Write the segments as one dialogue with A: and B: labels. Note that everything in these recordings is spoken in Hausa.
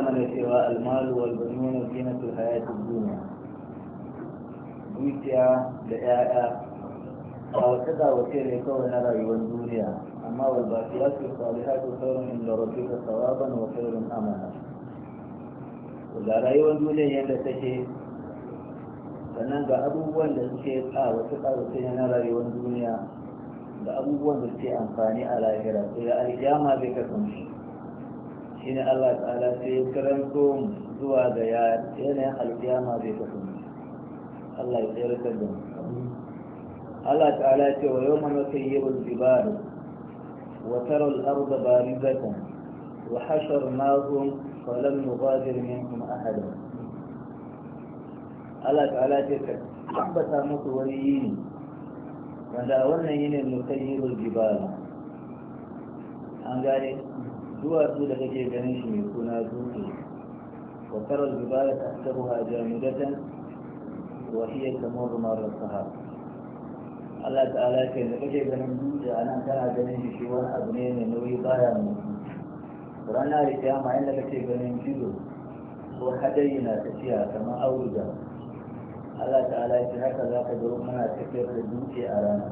A: من سوى
B: المال والبنون زينة الحياة الدنيا ويتيا لأعياء أو كذا وكير يكون هنا رأيوان دنيا أما والباقيات الصالحات خير من لربك ثوابا وخير أمانا ولا رأيوان دنيا يند تشي فنان بأبوان لسكي يتعى وكذا وكير هنا رأيوان دنيا بأبوان لسكي أنقاني على هرا إذا أرجاما بك تنشي shine Allah ta'ala sai ya karanto zuwa ga yanayin alkiyama zai kasance Allah ya tsere da mu Allah ta'ala ce wa yawma nusayyiru al-jibal wa tara al bari barizatan wa hasharnahum falam nughadir minhum ahada Allah ta'ala ce ka tabbata musu wani yini wanda a wannan yinin nusayyiru al-jibal an gane duwatsu da kake ganin shi mai suna dutse wa karar jibala ta asabuha jamidatan wa hiya kamar marar saha. Allah ta'ala ce da kake ganin dutse a nan kana ganin shi wani abu ne mai nauyi baya mutu ranar kiyama inda kake ganin jido ko hadayi na tafiya kamar auduga Allah ta'ala ce haka za ka zo muna tafiyar da dutse a rana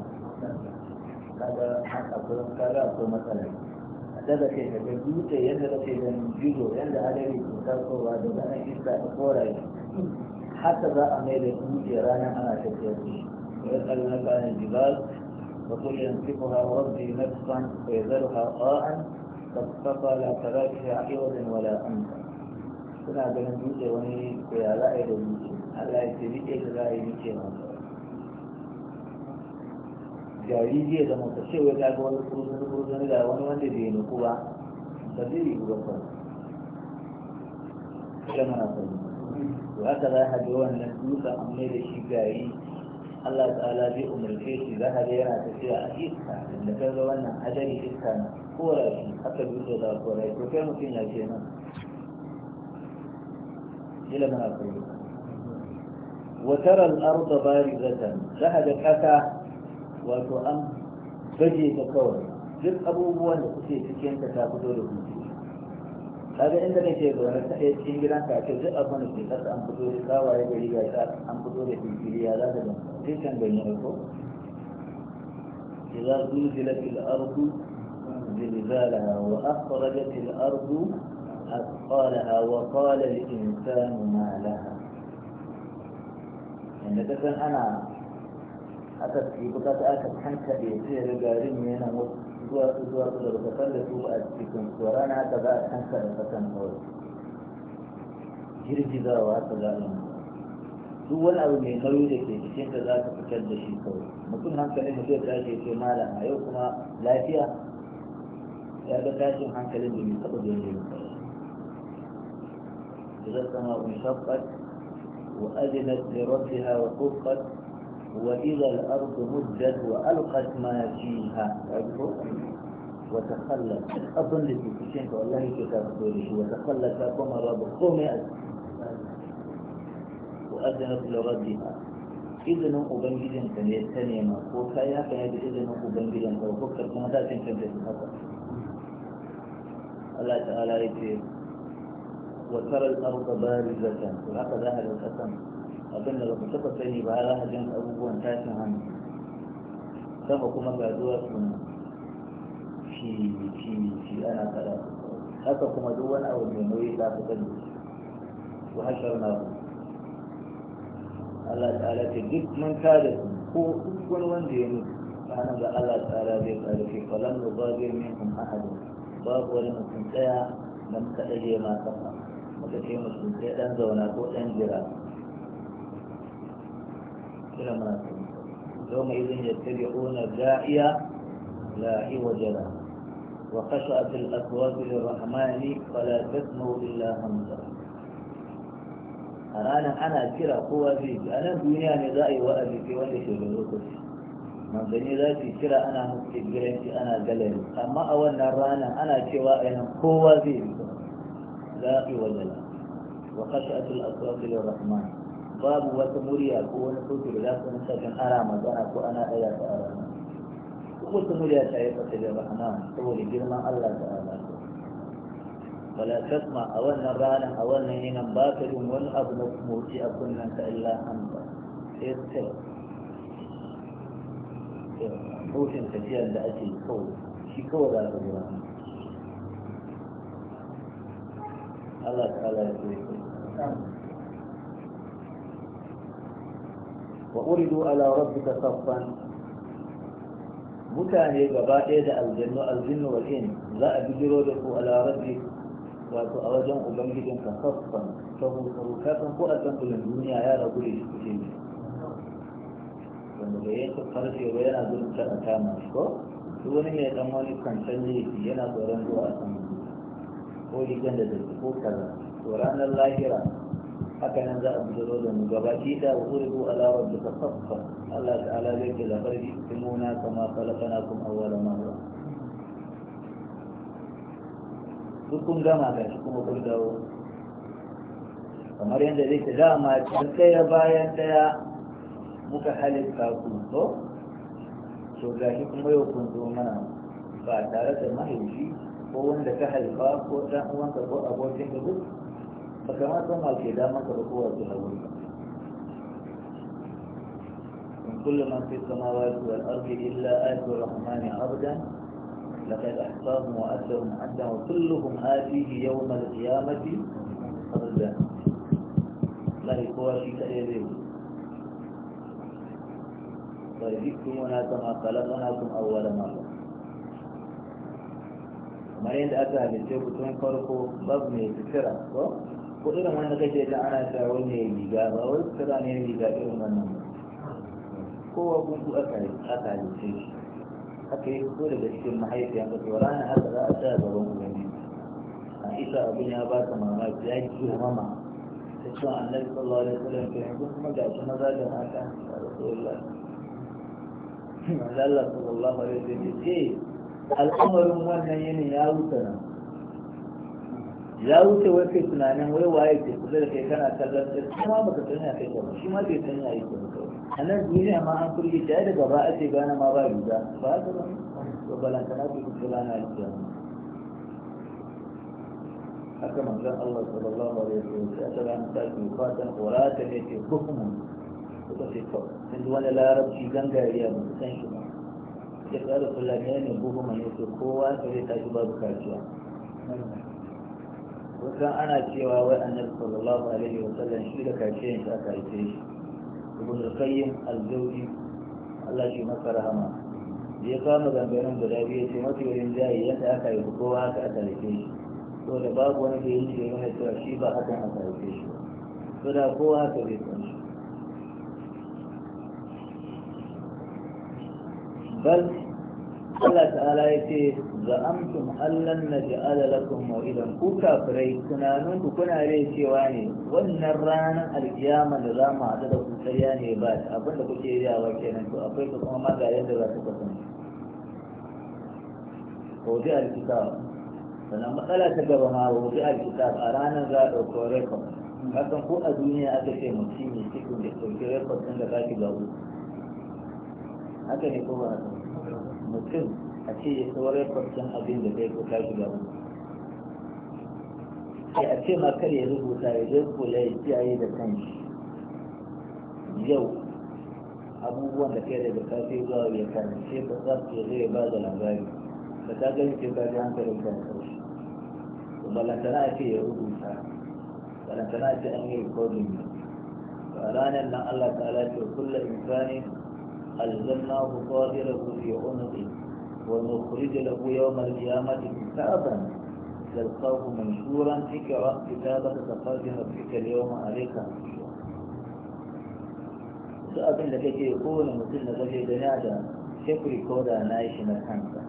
B: kaga akwai matsala daga kai daga dutse yadda da kai da jigo yadda hadari ke tasowa da ranar iska da koraye haka za a mai da dutse ranar ana tafiya da shi ya kalli na kanin jibal wa kulli yansifuha rabbi nafsan ha yadharuha qa'an fasfafa la tarafiha iwadan wala amsa suna ganin dutse wani ko ya za a yi da dutse Allah ya ce rike da za a yi rike masa gari zai zama ka ce wai kaga wani kurkun kurkun ga wani wanda bai nuku ba ba zai yi ba ba ita mana sani to haka za ka ga wannan dutsen amma da shi gari Allah ta'ala zai umarce shi za ka ga yana tafiya a iska da ka ga wannan hadari iska na kora shi haka dutse za ka kora to kai mutum ya ce nan ila mana sani وترى الأرض بارزة ذهب كذا wato an gaje ta kawai duk abubuwan da kuke cikin ka ta fito da hutu kaga inda nake zaune ta ɗaya cikin gidan ka ce duk abin da ke kasa an fito da kawaye da ga ta an fito da fifiriya za ka gani sai can gani ko إذا زلزلت الأرض زلزالها وأخرجت الأرض أثقالها وقال الإنسان ما لها عندك ana. aka yi bukata aka hankaɗe sai da garin yana wasu zuwa su zuwa su da baka san su a cikin su rana aka za a hankaɗe kasan wasu girgizawa aka za a duk wani abu mai nauyi da ke cikin da za ka fitar da shi kawai mutum hankali mu zai tashi ya ce malam a yau kuma lafiya ya ga tashin hankalin da mai taɓa zai yi إذا السماء انشقت وأذنت لربها وحقت وإذا الأرض مدت وألقت ما فيها وتخلت أظن للتكشين والله كتاب سوريش وتخلت كما رب قومي وأذنت لربها إذن أبنجد أن يتني ما قوتا يا فهد إذن أبنجد أن أفكر كما ذات كنت تتحقق الله تعالى يتير وترى الأرض بارزة وهكذا أهل الأسم abin da ba ku sani ba za ka jin abubuwan tashin hannu sama kuma ga zuwa sun shi shi shi ana kada haka kuma duk wani abu mai nauyi za ka gani ku hashar na ku Allah ta'ala ce duk mun kada ko duk wani wanda ya mutu kana ga Allah ta'ala zai kare shi falan da ba zai min kun ahadu babu wani mutum tsaya da muka ɗaje ma kafa muka ce mutum sai ɗan zauna ko ɗan jira إلى ما يكون يومئذ يتبعون الداعية لا عوج لها وخشعت الأكواب للرحمن فلا تسمو إلا همزة أنا أنا أنا كرا قوة في أنا الدنيا نزائي وأبي في ولي في الوقت من بني ذاتي كرا أنا مستقرين في أنا قليل أما أول نرانا أنا كوا أنا قوة في لا عوج لها وخشعت الأكواب للرحمن babu wata murya ko wani sauti da za su nuna kan ana magana ko ana ɗaga ta a rana duk wata murya ta yi fata da rahama saboda girman Allah ta'ala wala kasma a wannan ranar a wannan yinan ba ka jin wani abu na motsi a kunnen ka illa an ba sai ta sautin tafiyar da ake kawai shi kawai za ka jira Allah ta'ala ya zai wa uridu ala rabbika saffan mutane gaba ɗaya da aljannu aljannu wal in za a bijiro da ku ala rabbi wato a wajen ubangijin ka saffan sahu kafin ko a tsankulin duniya ya rabu da shi kuke ne wanda bai yanka farce ba yana gudun ta a kama ko duk wani mai dan wani kwancen laifi yana tsoron zuwa a kan ko rigan da zai ko kaza to ranar lahira haka nan za a bujiro da mu gabaki da wuridu ala rabbika saffa Allah ala zai ke da farji timuna kama khalaqnakum awwala marra duk kun gama ga shi kuma kun dawo kamar yadda zai ke dama can ɗaya bayan ɗaya muka halitta ku to to ga shi kuma yau kun zo mana ba tare da mahaifi ko wanda ka haifa ko ɗan uwanka ko abokin ka duk فكما كما كده ما تبقوا تهوي من كل من في السماوات والأرض إلا آت الرحمن عبدا لقد أحصاهم وأثرهم عنده كلهم آتيه يوم القيامة فردا لا يقوى في كأيديه فجئتمونا طيب، كما خلقناكم أول مرة ما عند أتى من تيوب تون كاركو باب صح؟ ko irin wanda kake ta ana ta wani ya riga ba wai kira ne ya riga irin wannan kowa gungu aka yi aka yi ce shi aka yi fito daga cikin mahaifiyan ka to rana haka za a tsaya gaban ubangi a isa abin ya ba ta mamaki ya ji mama ta ce annabi sallallahu alaihi wasallam ke yanzu kuma ga shi maza da mata a rasulullah manzo Allah sallallahu alaihi wasallam ce al'amarin wannan yini ya wuce nan ya wuce wai kai tunanin wai waye ke kusa da kai kana kallon sai kuma baka sanya kai ba shi ma bai sanya yi ba a nan duniya ma an kurge ta da gaba a ce gane ma ba riga ba haka ba to na ku kusa lana alkiya haka manzon Allah sallallahu alaihi wasallam ya tsara an tafi fatan qurata ne ke hukumun suka ce to sun ji wani larabci gangariya ba san shi ba ya tsara kullum ne buhu ne to kowa sai ta shi babu kaciya kun ana cewa wai annabi sallallahu alaihi wa sallam shi da kace shi aka haife shi ibn qayyim al-jawzi Allah shi masa rahama ya kama gangarin guda biyu ce mafi wurin jayi yadda aka yi kowa aka aka haife shi to da babu wani da yake nuna cewa shi ba hakan aka haife shi to da kowa aka bai san shi bal Allah ta'ala ya ce za amtum allan na ja'ala lakum ma'idan ku kafirai tunanin ku kuna rai cewa ne wannan ranar alkiyama da za mu haɗu da ku tsariya ne ba abinda kuke yi a yawa nan to akwai ku kuma ga yadda za ta kasance wajen alkitab sannan matsala ta gaba ma wajen alkitab a ranar za a ɗauko rekod kasan ko a duniya aka ce mutum ne cikin da ɗauki rekod ɗin da za ki gabu haka ne ko ba haka mutum a ce ya saurai kwamfin abin da zai kuka shi gaba sai a ce ma kar ya rubuta ya zai kula ya kiyaye da kanshi yau abubuwan da kai daga kafin zuwa ya karance ka za su zai ba da labari da ta gani ke kaji hankalin kan karshe to balantana a ce ya rubuta balantana a ce an yi rikodin Ba a ranar nan Allah ta'ala ce kullum insani ألزمناه طائره في عنقه ونخرج له يوم القيامة كتابا تلقاه
A: منشورا
B: اقرأ كتابك تقاضي ربك اليوم عليك abin da kake kowane mutum da kake gani da shekuri ko da na yi shi na kansa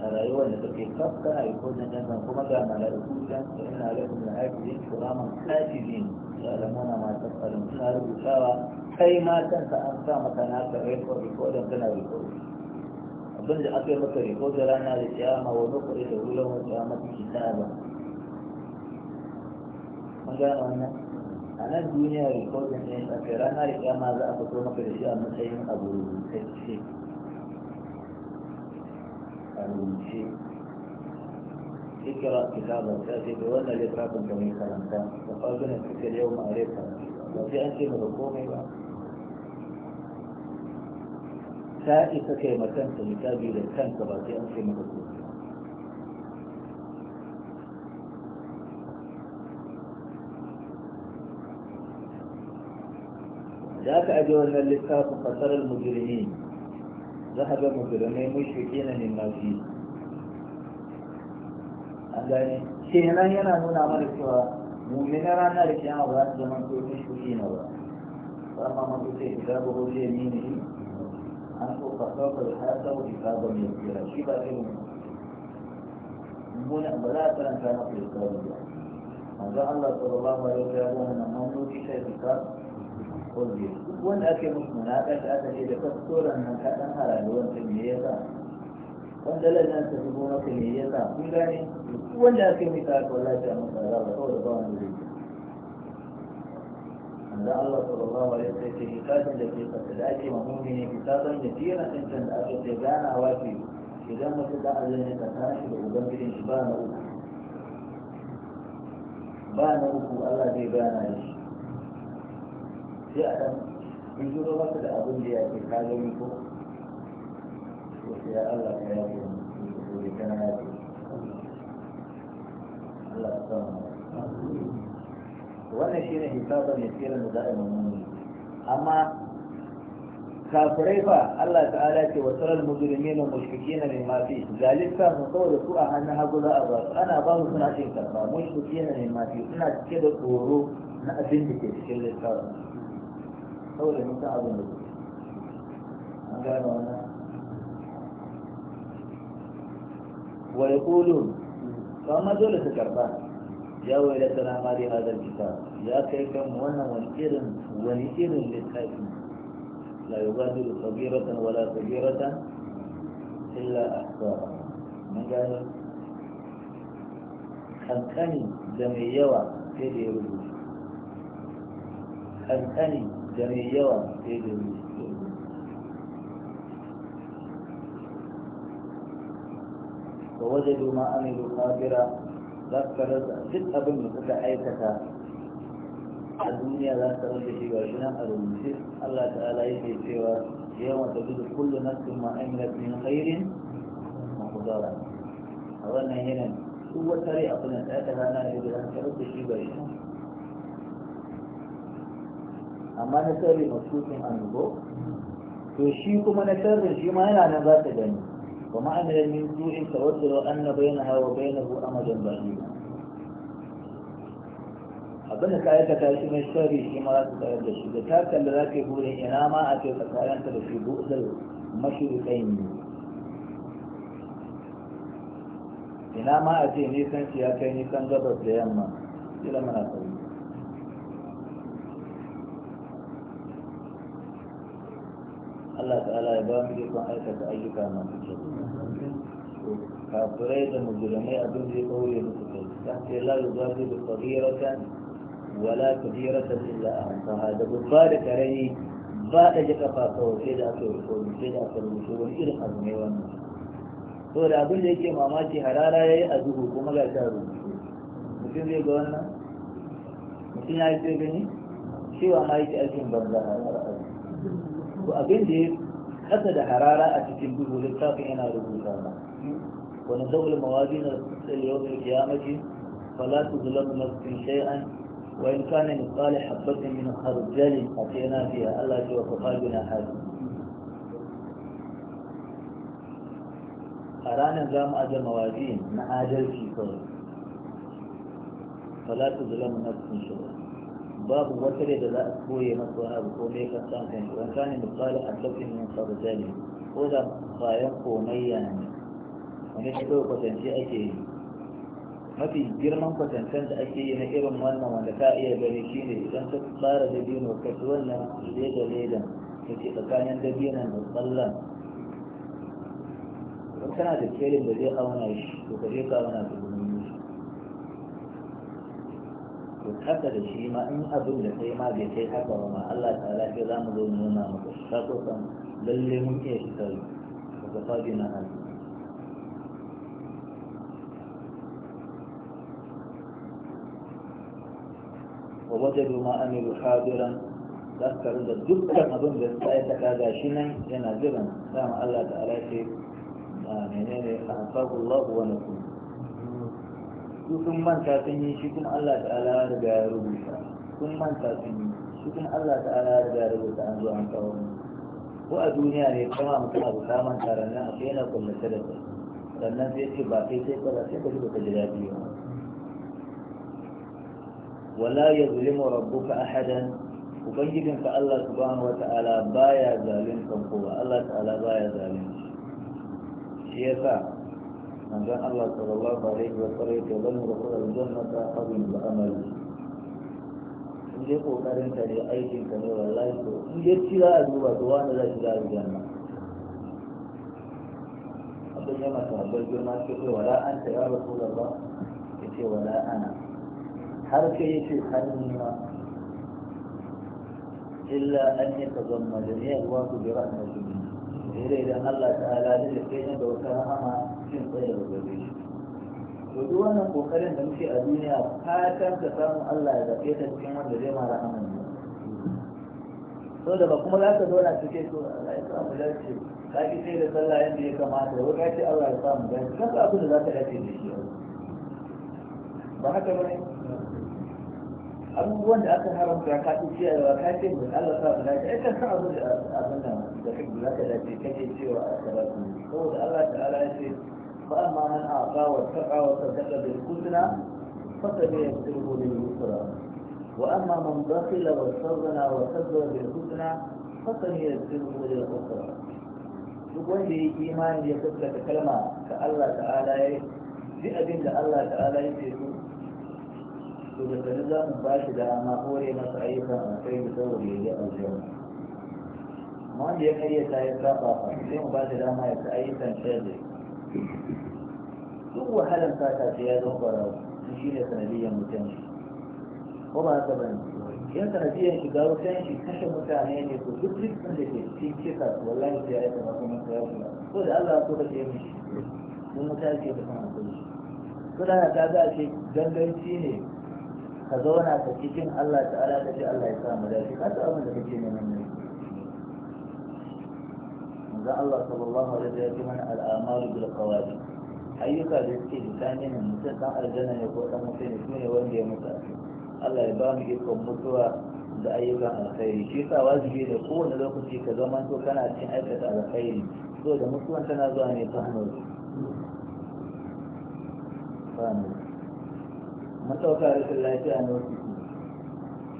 B: a rayuwar da kake kafka a yi kodin nan kuma ga mala'iku can su ina lakum da haifu yin kuraman kafin da alamuna masu tsarin suna rubutawa kai ma ta ta an sa maka naka rekod rikodin kana rikodin abin da aka yi maka rikodin rana da kiyama wani kuɗi da wulan wata mata kitaba mun gane wannan a nan duniya rikodin ne a kai rana da kiyama za a fito maka da shi a matsayin abu rubutacce a rubuce اقرأ كتابك تأتي بولا لكتابك من كلامك وقال بنا الفكر يوم عليك وفي أنت من حكومي سائسة كما كانت لتابي إذا كان تباتئا في مدرسة لا تعجوا أن الإسلام قصر المجرمين ذهب مجرمين مشركين مما فيه أنداني شهنا هنا هنا مرسوا مؤمنا رانا لكي أعضاء زمن كل مشركين الله فأما مرسوا في كتابه اليمين عنه فسوف الحاسة حسابا يسيرا شي بقى كده هنا بلا كان كان في الكتاب ان الله صلى الله عليه وسلم ان في شيء كتاب قلبي وان اكل مش مناقشه اذا اذا كثر ان كان هذا هو التمييزات wanda lannan ta zubo maka ne ya sa kun gane wanda aka yi mita ko lafiya masa rawa kawai da bawan da zai من الله صلى الله عليه وسلم في كتاب لكي تأتي مهمه كتابا كثيرا انت أخذت يبانا وافي إذا ما تدعى الذين تتناشي بأبن في الانشبان أولا بانا أولا الله دي بانا يش يأتم يجور ما تدعى أبن دي أكي حاجة منكم وسيا الله كيابي ويكنا يابي
A: الله سبحانه
B: wannan shi ne hisabar ya tsira da za'a mamuni amma kafirai fa Allah ta'ala ce wa tsarar mujrimi na mushkiki na mai mafi zalista mu kawai da su a hannun hagu za a ba su ana ba su suna cin karfa mushkiki na mai mafi suna cike da tsoro na abin da ke cikin littafin saboda mun san abin da ke an gane wannan wa yaqulun kamar dole su karfa يا ويلتنا ما هذا الكتاب يا كيفم وانا والإرم والإرم للكافرين لا يغادر صغيرة ولا كبيرة إلا أحصارا من قال خلقني جميع في ديروز خلقني جميع في ديروز ووجدوا ما عملوا قادرا za su karar da duk abin da suka aikata a duniya za su karar da shi ga shi nan a rubuce Allah ta'ala yake cewa yawan da duk kullu nafsin ma amilat min khairin mahdara a wannan yanan duk wata rai abin da ta rana ne da za su da shi ga shi nan amma na sarri masu sun annubo to shi kuma na sarri shi ma yana nan za ta gani وما عمل من سوء فود لو أن بينها وبينه أمدا بعيدا abin da kayan ta tashi mai shari shi ma za su tsayar da shi da ta kalli za ka yi burin ina ma a ce tsakanin ta da shi buɗar mashirukai ne ina ma a ce nisan shi ya kai nisan gabas da yamma kila mana sauri Allah ta'ala ya ba mu ikon aikata ayyuka masu kyau kafirai da mujrimai abin zai kaure musu kai ta ce la yuzadilu kabiratan wala kabiratan illa ahsaha da babba da karami ba da ji kafa kawai sai da aka rubuta sai da aka rubuta wani irin abu ne wannan to da abin da yake mamaki harara yayi a duhu kuma ga ta rubutu mutum zai ga wannan mutum ya yi sai gani cewa ma yake aikin banza a to abin da ya kasa da harara a cikin duhu littafin yana rubuta ba wani mawazi zaul mawazin al-yawm al-qiyamati fala tuzlamu cikin shay'an wa in kana mithqala habatin min a atayna biha Allah ce wa wafa na hari a ranar za mu ajiye mawazi na adalci kawai fala tuzlamu cikin shay'an babu wata da za a koye masa wani abu ko mai kasan kan shi wanka ne misali a tafin yin farzani ko da bayan komayya ne wani shi kawai kwatance ake yi mafi girman kwatancen da ake yi na irin wannan wanda ka iya gari shi ne idan ka tsara da biyu ka ci wannan leda leda da ke tsakanin da biyu da tsallan kana da kelin da zai auna shi to ka je ka auna su kasa da shi ma in abin da kai ma bai kai haka ba ma Allah ta lafi za mu zo nuna maka ka ko san lalle mun iya shi kai daga fadi na hannu wa wajadu ma amilu hadiran zaskar da dukkan abin da sai ta kaga shi nan yana jiran dama Allah ta'ala ce menene ahsabu Allah wa nakum su sun manta sun yi shi kuma Allah ta'ala daga ya rubuta sun manta sun yi shi kuma Allah ta'ala daga ya rubuta an zo an kawo mu ko a duniya ne kama mutum abu ka manta ranar a kai na kullace da sannan sai ce ba kai sai kaza sai ka ji baka ji daɗi ba wala rabu ka ahadan ubangijinka Allah subhanahu ya baya zalunta kowa Allah ta'ala baya zalunta shi yasa من كان الله صلى الله عليه وسلم يتظن دخول الجنة عظيم الأمل in dai kokarin ka ne aikin ka ne wallahi to in dai ci za a duba to wanda za shi za a aljanna abin yana sahabbar girma ce ce wala an ta ya rasulullah ya ce wala ana har kai ya ce har ni illa an yi tazammada ne ya ruwa ku bi rahmatu ne idan Allah ta'ala da kai ne da wata mutum tsayar da gare shi to duk wannan kokarin da muke a duniya fatan ka samu Allah ya zaɓe ta cikin wanda zai mara amin so da ba kuma za ka zo na cike to Allah ya samu dace ka ki sai da sallah yadda ya kamata wai ka ce Allah ya samu dace kasa abu da za ka dace da shi ba haka ba ne abubuwan da aka haramta ka ci ciyarwa ka ce mai Allah sa da ai ka san abin da abin da da kake da kake cewa a karatu saboda Allah ta'ala ya ce فأما من أعطى واتقى وصدق بالحسنى فسنيسره لليسرى وأما من بخل واستغنى وكذب بالحسنى فسنيسره للعسرى duk wanda ya imani ya fuskata kalma ta Allah ta'ala ya ji abin da Allah ta'ala ya ce su to da sani za mu ba shi da amma kore masa ayyukan a kai da saboda ya yi aljanna amma wanda ya karyata ya saba fa sai mu ba shi dama ya ta ayyukan duk wahalar sata ta ya zama ƙwararru shi ne sanadiyyar mutum shi ko ba haka ba yan sanadiyan shiga wutan shi kashe mutane ne ko duk rikin da ke cikin kisa ko wallahi sai ya yi kamar kuma ya shiga ko da Allah ko da ke mishi mun wuta ke da kan hakuri ko da ka ga ce ganganci ne ka zauna ka cikin Allah ta'ala ka ce Allah ya sa mu dace ka ta abin da kake neman ne manzan Allah sallallahu alaihi ya ji mana al'amalu bil qawabi ayyuka da suke bisani ne mutum dan aljanna ne ko dan mutum ne shine wanda ya mutu Allah ya ba mu ikon mutuwa da ayyukan alkhairi shi yasa wajibi ne kowane lokaci ka zama to kana cikin aikata alkhairi so da mutuwan tana zuwa ne ta hanyar matauka rashin lafiya na wasu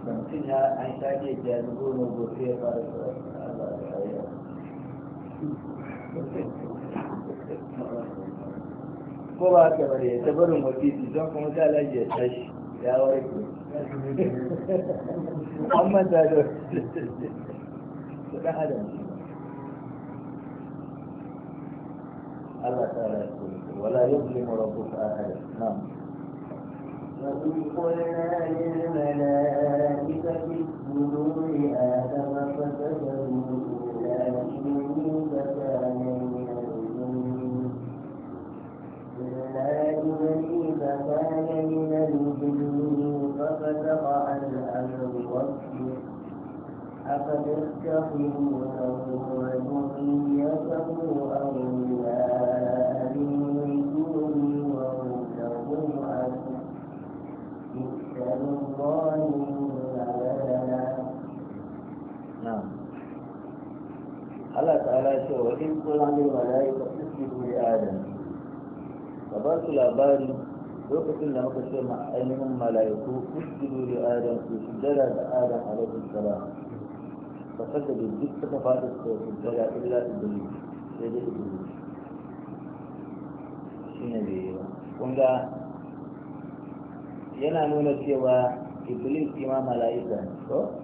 B: da mutum ya an shaƙe ya zubo na gobe ya fara Allah ya ko ba haka bane ta barin wasiti don kuma ta alaji ya tashi ya warke an manta da ɗan adam Allah ta rasu wala yuzlimu rabbuka ahada na'am
A: وإذ قلنا للملائكة اسجدوا لآدم فسجدوا كان من الجن ففتق عن أمر ربه أفتتخذونه وذريته أولياء من دوني وهم لهم عدو بئس للظالمين نعم
B: Allah ta'ala ce wa in kula ne mala'ika sujudu li adam ka ba su labari lokacin da muka ce ma ainihin mala'iku sujudu li adam su sujjada da adam alaihi salam fa sajadu duk suka fada su sujjada illa iblis sai dai iblis shine bai yi ba kun ga yana nuna cewa iblis ima mala'ika ne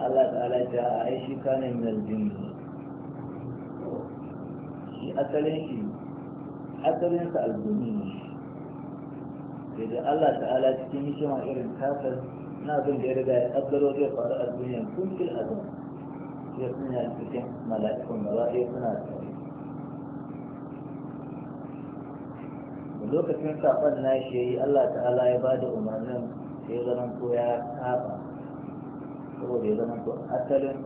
B: Allah ta'ala ta ai shi kana min jin shi asalin shi asalin sa aljini sai da Allah ta'ala cikin hikima irin kafir na bin da ya riga ya kaddaro zai faru a duniya kun fil azam ya suna cikin mala'ikun mala'i suna tare lokacin saban nashi yayi Allah ta'ala ya bada umarnin sai zaman ko ya kafa. saboda ya zama to asalin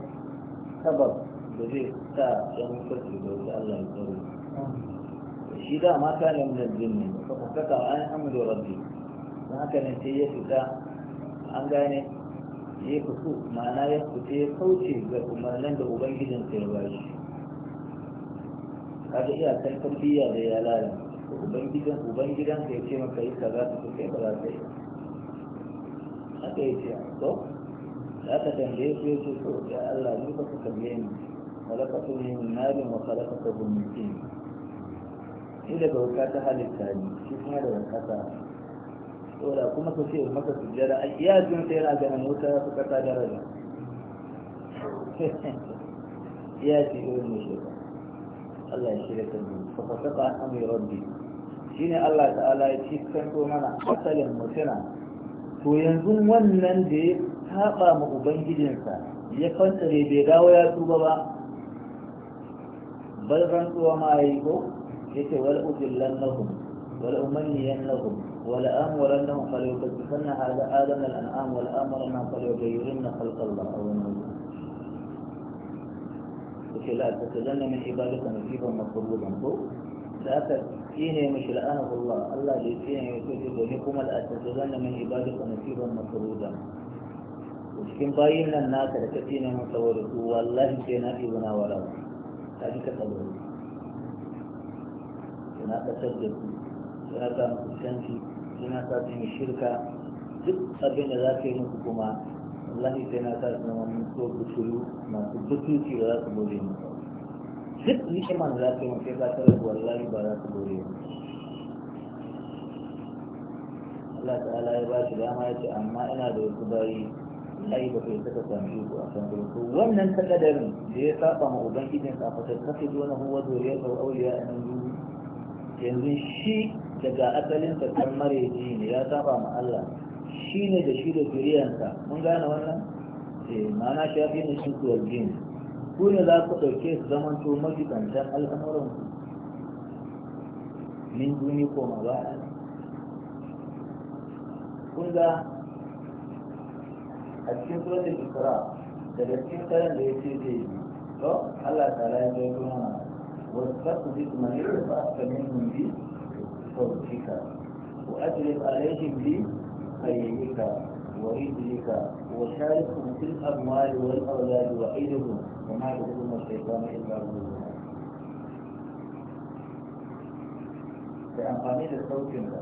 B: sabab da zai sa yan mutunci da wuce Allah ya tsaro shi da ma ka ne mun jinni fa kaka an amru rabbi dan haka ne sai ya fita an gane ya fito ma'ana ya fita ya kauce ga umarnin da ubangijin sai ya bashi kaga iya kan biya da ya lalata ubangidan ubangidan sai ya ce maka yi kaza su kai ba za ta yi haka ya ce to aka tambaye su yake so ya Allah ni ba ku kalle ni khalaqatu min narin wa khalaqatu min tin ni daga wuka ta halitta ni shi kuma daga kasa saboda kuma ka ce maka sujjada a iya jin sai yana ganin wuta su kasa daraja Ya ce irin ne shi Allah ya shirya ta biyu fa fasaka amri rabbi shine Allah ta'ala ya ci kanto mana asalin mutuna to yanzu wannan da ya saba ma ubangijinsa ya fantare bai dawo ya tuba ba bal rantsuwa ma yi ko yace wal udillan lahum wal umanniyan lahum wal amwaran lahum fal yukathifanna hada adam al an'am wal amran lahum fal yughayyirunna khalqa Allah aw yunawwirunna yace la tasadanna min ibadika nasiban mafruḍan ko da aka tsine mishi la'anahu Allah Allah da ya tsine mishi domin kuma la tasadanna min ibadika nasiban mafruḍan cikin bayin nan naka da kace ne masa wa su wallahi sai na ibuna wala ta ji ka tsalo yana tsakar da su yana ta musu canci yana ta su shirka duk abin da za ka yi musu kuma wallahi sai na sa su zama mun so buturu masu butuci ba za su gode mu duk ni'imar za ka yi musu sai ka rabu wallahi ba za su gode mu Allah ta'ala ya ba shi dama ya ce amma ina da wasu bayi ai ba kai saka sami su a kan to wannan takadarin da ya saba ma ubangijin sa fa tafi dona huwa zuriya ko auliya a nan duniya yanzu shi daga asalin sa kan mareji ne ya saba ma Allah shi ne da shi da zuriyansa mun gane wannan eh ma'ana shafi ne shi kuwar jini ku ne za ku ɗauke su zaman to majibantan al'amuran ku min duni ko ma ba kun ga a cikin suratul isra daga cikin karan da ya ce zai yi to Allah ta la ya zo kuma wasu bi kuma ne da ba ka min bi sautika wa ajlib alaihim bi khayyika wa rijlika wa sharikum fil amwali wal awlad wa aidihum wa ma yadhum ash-shaytanu illa billah da amfani da sautin da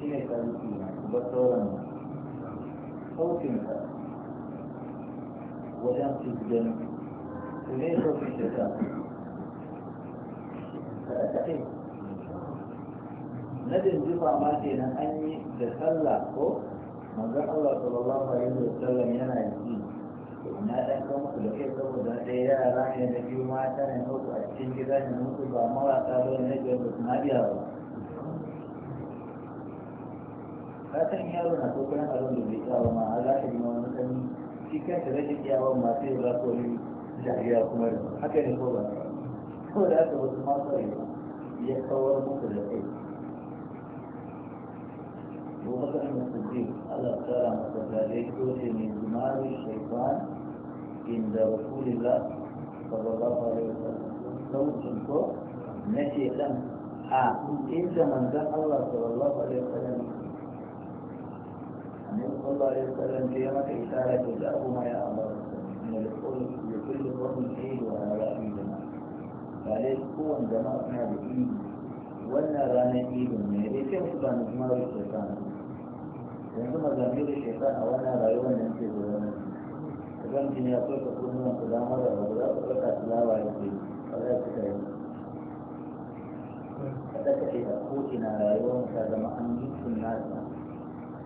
B: shi ne karfi na ba sauran خوف منها ولم تبدل وليس في الشتاء فأتقيم nadin jifa ma ke nan an yi da sallah ko manzon Allah sallallahu alaihi wa sallam yana yi na dan kan muku da kai saboda ɗaya yara ne da biyu mata ne muku a cikin gida ne muku ba mawaka ba ne da ba su na biya ba ka san yaro na kokarin abin da bai tsawo ma a zaka ma wani sani shi kanta rashin iyawa ma sai za wani jariya kuma da haka ne ko ba saboda haka wasu masu rayuwa ya kawar muku da kai وبكر بن الصديق الله تعالى مستفاديك توتي من دمار الشيطان عند رسول الله صلى الله عليه وسلم صوت الكفر نشي لم آه إذا من ذا الله صلى الله عليه وسلم النبي صلى الله عليه وسلم إشارة له يا الله من القول لكل قوم عيد وأنا لا أعيد جماعة هذه wannan ranar idin ne da ke musu na kuma da shekara yanzu mazami da shekara a wannan rayuwar da muke zuwa nan idan jini ya soka kunnuwan su damar da ba za su ɗauka tilawa ya ce ka ce rayuwar ta zama an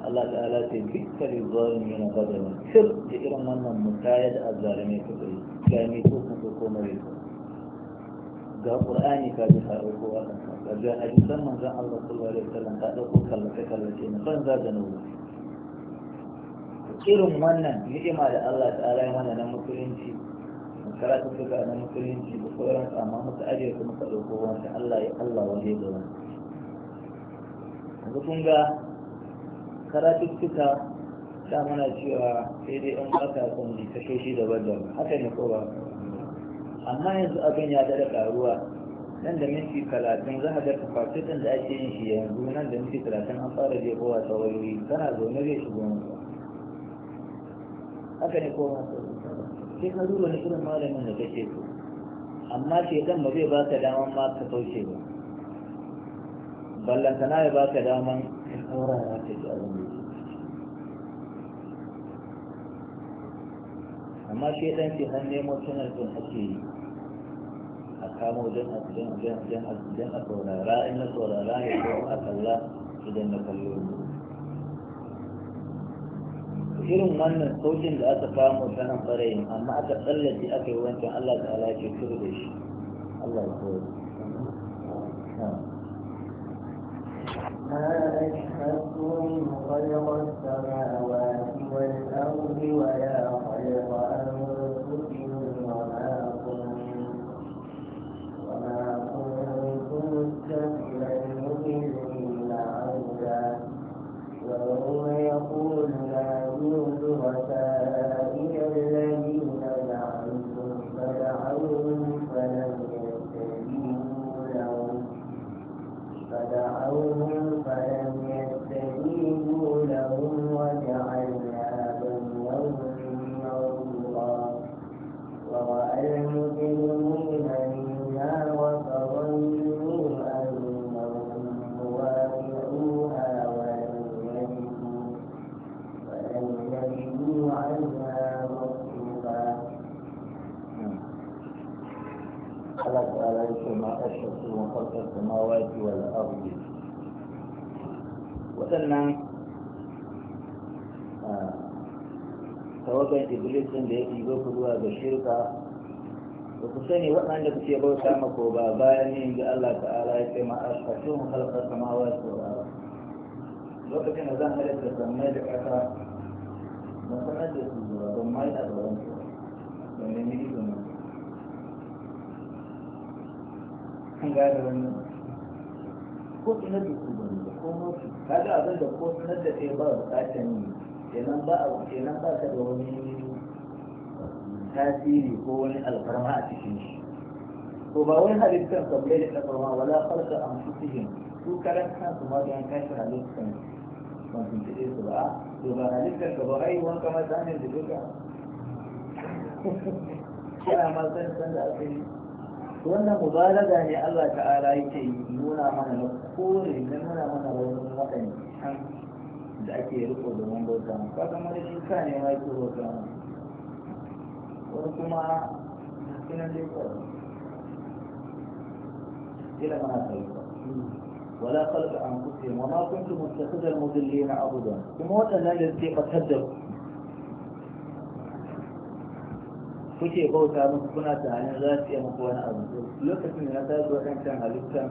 B: Allah ta'ala ce bisa da zalimi na badalin sir da irin wannan mutaya da azzalame ku gari ga ko kuma ko mare ga qur'ani ka ji ta dauko wannan ka ga hadisan manzon Allah sallallahu alaihi wasallam ka dauko kallace kallace na ban za da nuno irin wannan ni'ima da Allah Ta ya mana na musulunci karatu suka na musulunci da sauran amma muka ajiye kuma ka dauko wanda Allah ya Allah waje da wannan yanzu kun ga karatuttuka ta mana cewa sai dai an baka son ta shoshi daban-daban haka ne ko ba amma yanzu abin ya dada karuwa nan da minti talatin za a ga kafafitan da ake yin shi yanzu nan da minti talatin an fara jebowa ta wayoyi tana zaune zai shigo mu haka ne ko ba sai ka duba na irin malamin da kake so amma ke kan ba zai baka daman ma ka kauce ba ballantana ya baka daman in saurara ta ji abin da amma shi dan ce har nemo tunar din ake yi a kamo don a saurara in na saurara ya ko a kalla idan na kallo irin wannan saukin da aka kamo ta nan ɓarayin amma aka tsallace aka yi wancan Allah ta'ala ke turu da shi
A: Allah ya koyar. سبحانك فاكن خلق السماوات والأرض ولا خلق أنفسهم وما كنت وما كنت متخذا المضلين عبدا ويوم يقول لا يوجد قوم فلم
B: ku sani waɗanda kuke bauta mako ba bayan ne ga Allah ta'ala ya ce ma ashkatun halqa samawati wal ba lokacin da zan halitta sammai da ƙasa ban sanar da su zuwa ban mai a zuwa don ban nemi izini
A: an gane wannan
B: ko su da su ba ko mafi kaga abin da ko sanar da kai ba buƙatar ne kenan ba kenan ba ka da wani tasiri ko wani alfarma a cikin shi to ba wai halittar sabbin da kafarwa wala farka an fusihin su karan kansu ma da yankan shi halittar ban tuntuɗe su ba to ba halittar ka ba ai wanka ma ta hanyar da duka kana ma san san da aka yi wannan mubalaga ne Allah ta'ala yake nuna mana na kore na nuna mana raunin waɗancan da ake riko domin bauta mu kaga mana shi ka ne ma yake
A: bauta mu
B: وربما يمكن ان الى ما ولا قلب انفسهم وما كنت متخذ المذلين عبدا ثم وجد ان الذي قد هدوا كتي بوتا مسكنا تعالى يعني ذاتي مقوانا ابدا لكن من هذا الوقت كان هلكا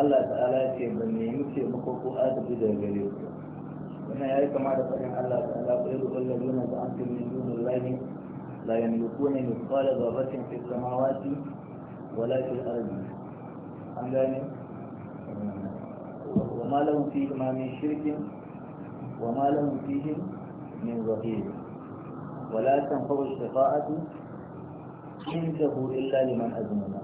B: الله تعالى يأتي بني يمشي مقوقو آدم بدا يقليوك وإن يأتي كما دفعين الله تعالى ويقول الذين تأتي من دون الله لا يملكون مثقال ذرة في السماوات ولا في الأرض أم ذلك وما لهم فيهما من شرك وما لهم فيهم من ظهير ولا تنفع الشفاعة عنده إلا لمن أذن له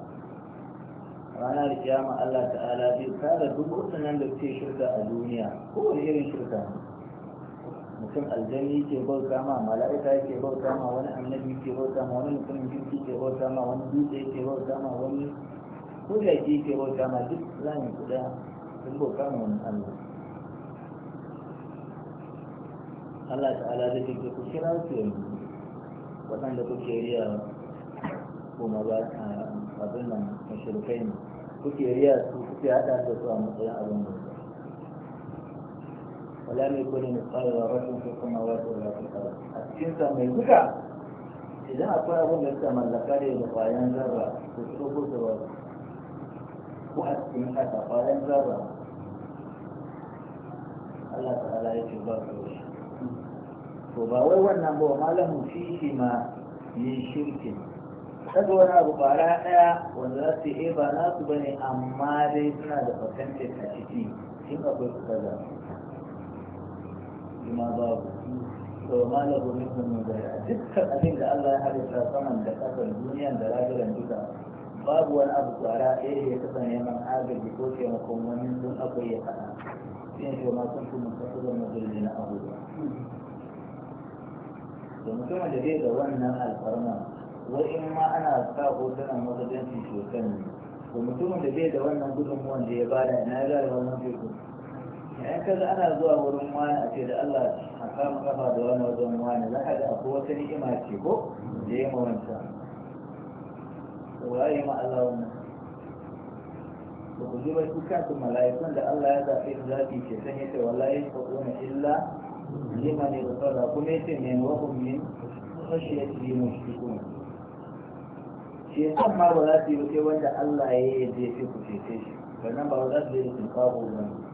B: ranar kiyama Allah ta'ala zai kare duk waɗannan da suke shirka a duniya kowane irin shirka ne mutum aljanni ke bauta ma mala'ika ke bauta ma wani annabi ke bauta ma wani mutumin jirgi ke bauta ma wani dutse ke bauta ma wani kujaki ke bauta ma duk lamin kuda sun bauta ma wani allah Allah ta'ala da ke ku kira su yanzu waɗanda kuke riya kuma ba abin nan mashirkai ne kuke riya su kuke haɗa da su a matsayin abin da wala mai kone na tsari wa rashin ko kuma wasu wala su tsara a cikin sa mai duka idan akwai abin da suka mallaka da da kwayan zarra ko su ko su wasu ko a cikin haka kwayan zarra Allah ta'ala ya ce ba su shi to ba wai wannan ba fi fihi ma yin shirkin kaga wani abu bara daya wanda za su yi ba nasu bane amma dai suna da fatantin a ciki in akwai su kaza kuma babu to ma sun min mudaya dukkan abin da Allah ya halitta saman da kasar duniyan da lahiran duka babu wani abu tsara ɗaya ya kasa neman agaji ko taimakon wani sun akwai ya faɗa sai shi ma sun fi da mazulmi na abubuwa da mutumin da zai ga wannan alfarma wa'in ma ana sa hotunan wasu jinsi shokan ne da mutumin da zai da wannan gudunmuwan da ya bada na ya zai wannan teku yan kaza ana zuwa wurin wani a ce da Allah a kama kafa da wani wajen wani za ka ga akwai wata ni'ima ce ko da ya mawanta waye ma Allah wannan ba ku ji ba su kansu mala'ikun da Allah ya zaɓe su zaɓi ke san yace wallahi fa kuma illa liman da kuma yace ne wa hum min khashyati mushrikun shi san ma ba za su yi wanda Allah ya yi da ya fi ku ce shi wannan ba za su yi sun kawo ba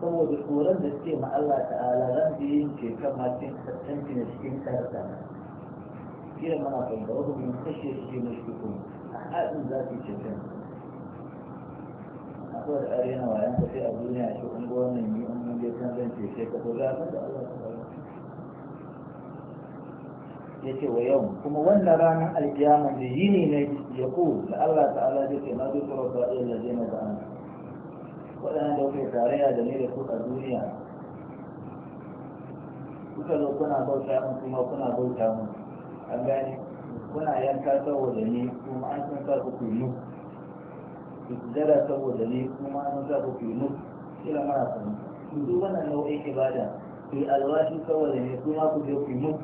B: saboda tsoron da suke ma Allah ta'ala zan da yin ke kan matin sassanci na cikin karata kira mana fahimta wasu mun kashe shi mashkukun a haɗin za su ce kan akwai da ƙari yana wayan ka sai a duniya shi kun ga wannan yi an mun je kan zan ce sai ka ko ga da Allah ta ya ce wa yau kuma wannan ranar alkiyama da yini ne ya ku da Allah ta'ala zai ce na zai tsoro ka iya lajina da an waɗannan da kuke tarayya da ni da su a duniya kuka zo kuna bauta mun kuma kuna bauta mun an gane kuna yanka saboda ni kuma an san sa ku kunu sujjada saboda ni kuma an sa ku kunu kila mara sanu duk wannan nau'in ibada ku alwashi saboda ni kuma ku je ku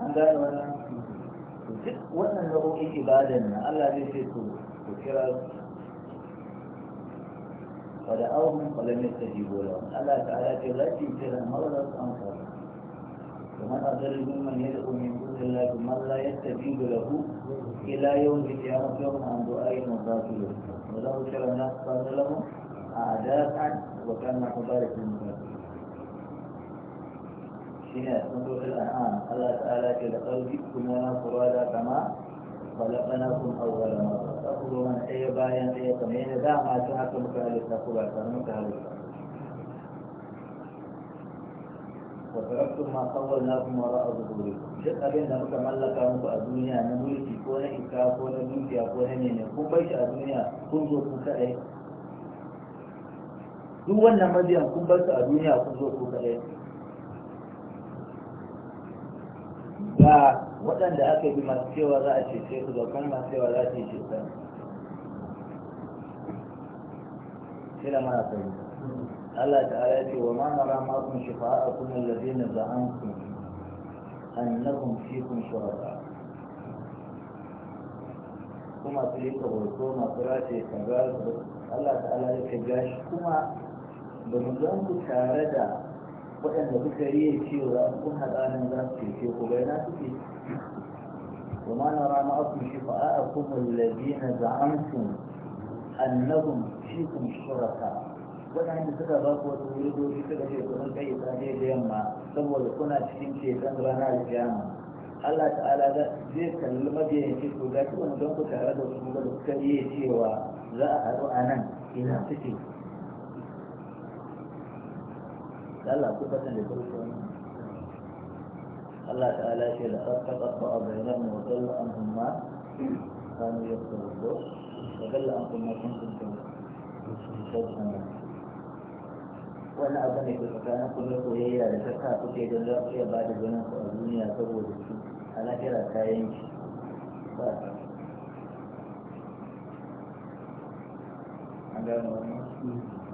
B: an gane wannan duk wannan nau'in ibadan na Allah zai ce to ku kira فدعوهم فلم يستجيبوا لهم الله تعالى لا تنكر المرض أنصر ومن أضل ممن يدعو من دون الله من لا يستجيب له إلى يوم القيامة يوم عن دعاء وباطل ولو شر الناس قال لهم أعداء وكان مبارك المنافقين شنو سورة الأنعام الله تعالى كذا قلبي كما قراءة كما خلقناكم أول مرة فاخذوا من أي باية أي قنينة دع ما جاءكم كذلك تقول الكرم كذلك وتركتم ما خولناكم وراء ظهوركم جئت أبين لك من لك أنك الدنيا نمويك كون إكا كون نمويك كون نمويك كون بيش الدنيا كون ذو كون كأي إيه. دون نمويك كون بيش الدنيا كون ذو كون كأي إيه. da waɗanda aka yi masu cewa za a cece su da kuma masu cewa za a cece su sai da mara sai Allah ta ya ce wa ma nara ma kun shifa'a kun allazina za'antum annahum fikum shuraka kuma su yi kawarto masu race kaza Allah ta'ala ya ce gashi kuma ba mu zan ku tare da waɗanda suka yi cewa kun haɗa nan za su ce ku bai na suke a نرى معكم na الذين زعمتم shi kun شركاء waɗanda suka ba ku wasu doki suka ce kusan kai tsaje da yamma saboda kuna cikin ceton rana da Allah ta'ala zai kalli mabiyan yake ko gashi wani don ku tare da su da suka cewa za a haɗu a
A: nan ina suke
B: Allah ku fatan da farko Allah ta ala ce da aka kafa a bayanan mu dalla an kuma kanu ya tsoro da galla an kuma sun kun
A: kun kun
B: wannan abu ne kuka kana kuma soyayya da ta sa kuke don za ku iya ba da ganin ku a duniya saboda su a lafiyar kayan ki an gano wannan mm.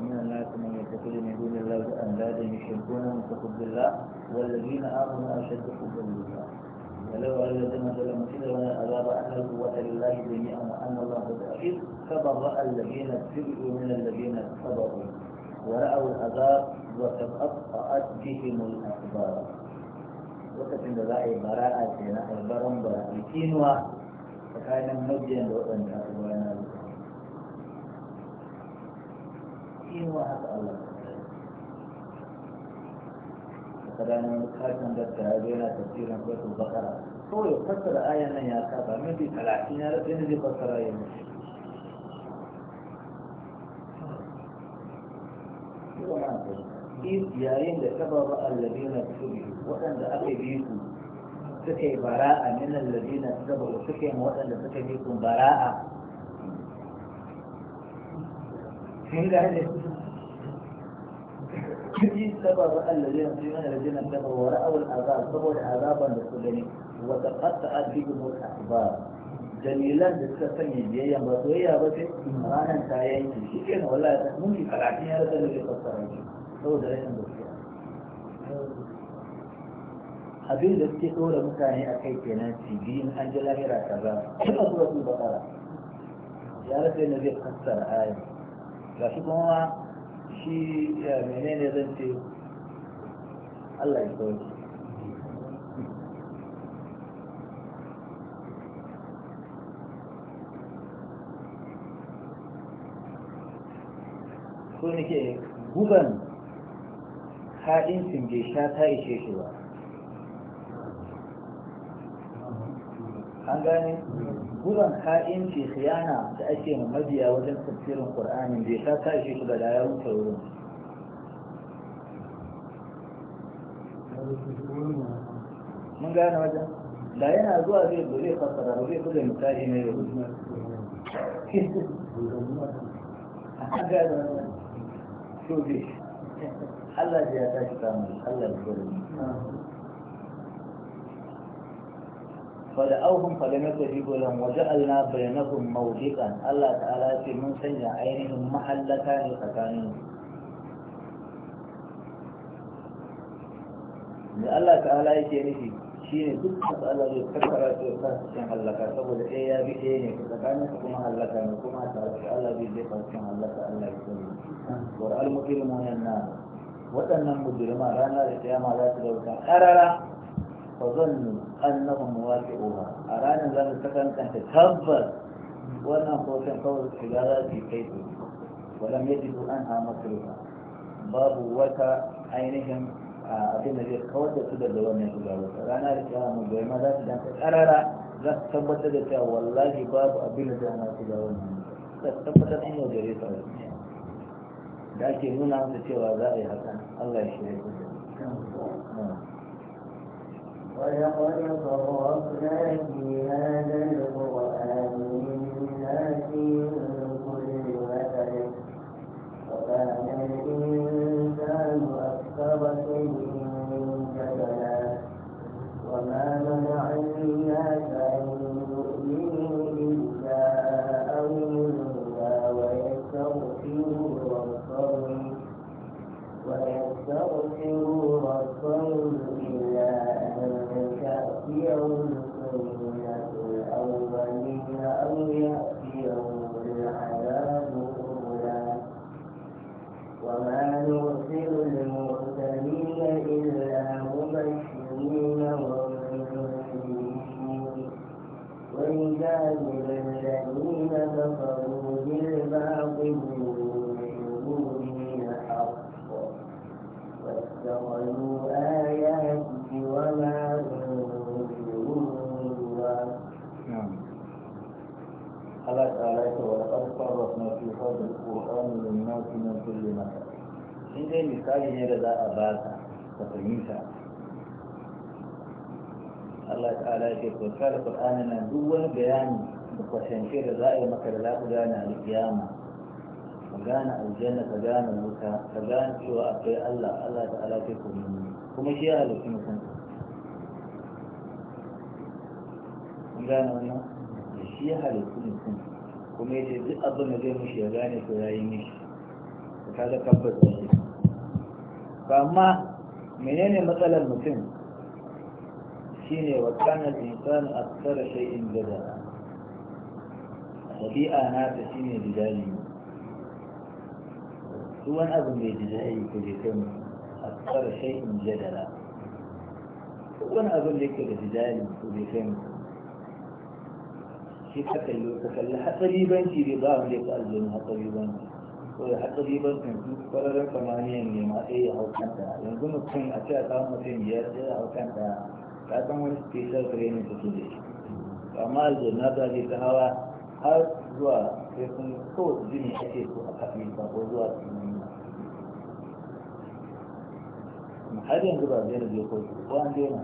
B: ومن الناس من يتخذ من دون الله أندادا يشركونهم كحب بالله والذين آمنوا أشد حبا لله ولو أن الذين ظلموا كذبا عذاب أن القوة لله جميعا وأن الله العزيز فبرأ الذين اتبعوا من الذين صبروا ورأوا العذاب وتقطعت بهم الأخبار lokacin da za a yi bara'a kenan albaran ba a kinuwa tsakanin mabiyan da waɗanda ba مثلا كاتم بالتهاجين تفسيرا سورة البقرة هو يفسر آية من يا من في ثلاثين ألف من اللي فسر آية إذ يارين لسبب الذين كفروا وأن أخي بيكم براءة من الذين كفروا سكي براءة كيف سبب الذين في من الذين كفروا ورأوا العذاب سبب العذاب لكلهم وتقطعت بهم الأخبار dalilan da suka sanya biyayya ba soyayya ba ce ranar ta yanki shi ke na wallahi ta muni karatun ya rasa da ke fassara shi saboda rashin gaskiya abin da suke ɗora mutane a kai kenan su biyun an ji lahira kaza shi ba su ba su bakara ya rasa yana zai fassara ayat ga shi kuma shi menene zan ce Allah ya kawai ko ke guban haɗin sha ta ishe shi ba an gane كلهم حائم في خيانة تأتي مهدية وجن تفسير القرآن دي خاصة شيء كده لا يوم من قال وجن لا ينا أزوا في بلي خطر ربي كل مساجي من يهود أنا شو بيش الله جاتك كامل الله يكرمك فدعوهم فلم يستجيبوا لهم وجعلنا بينهم موبقا الله mun sanya ainihin سنع ne محلتان da Allah ta'ala yake nufi shi ne duk matsalar da karkara su ya kasa cikin hallaka saboda ɗaya ya bi ɗaya ne tsakanin su kuma hallaka ne kuma ta rufe Allah zai kasa cikin hallaka Allah ya sani wa al-mujrimuna na waɗannan mujrima rana da kiyama za su dauka karara fa zannu annahum waqi'uha a ranar zan ta kasance tabbas wannan hoton kawai shiga za su kai su walam yajidu an ha makruha babu wata ainihin abin da zai kawar da su daga wannan shiga wata rana da kiyama mu bai ma za su danta karara za su tabbatar da cewa wallahi babu abin da zai hana su da wannan za su tabbatar an yaudare su da ake nuna musu cewa za a yi hakan Allah ya shirya su
A: ولقد صرفنا في هذا القرآن للناس من كل مثل وكان الإنسان أكثر شيء جدلا وما منع الناس أن
B: uti nan kulli masal in dai misali ne da za a ba ka ka fahimta Allah ta'ala ya ce ko kar Qur'ani na duk wani bayani da kwatance da za a yi maka da za ku gane alƙiyama ka gane aljanna ka gane wuta ka gane cewa akwai Allah Allah ta'ala ya ce ko kuma shi ya halittu mutum gane wannan shi ya halittu mutum kuma ya ce duk abin da zai mushi ya gane ko ya yi mishi kaga tabbata ba amma menene matsalar mutum shine wa kana al-insan akthar shay'in gada tabi'a na ta shine jidali su wani abu mai jidali ko je kan akthar shay'in jadala duk wani abu da yake da jidali ko je kan shi ka kallo ka kalli hatsari banki da ba wanda ya fi aljanu hatsari banki so da haka zai bar su kwararar samaniya ne ma sai ya hau kanta yanzu mutum a ce a samu mutum biyar sai ya hau kanta ta san wani special training da su da shi amma aljanna ta je ta hawa har zuwa sai sun so jini ake so a kafin sako zuwa cikin har yanzu ba zai rage ko ko an daina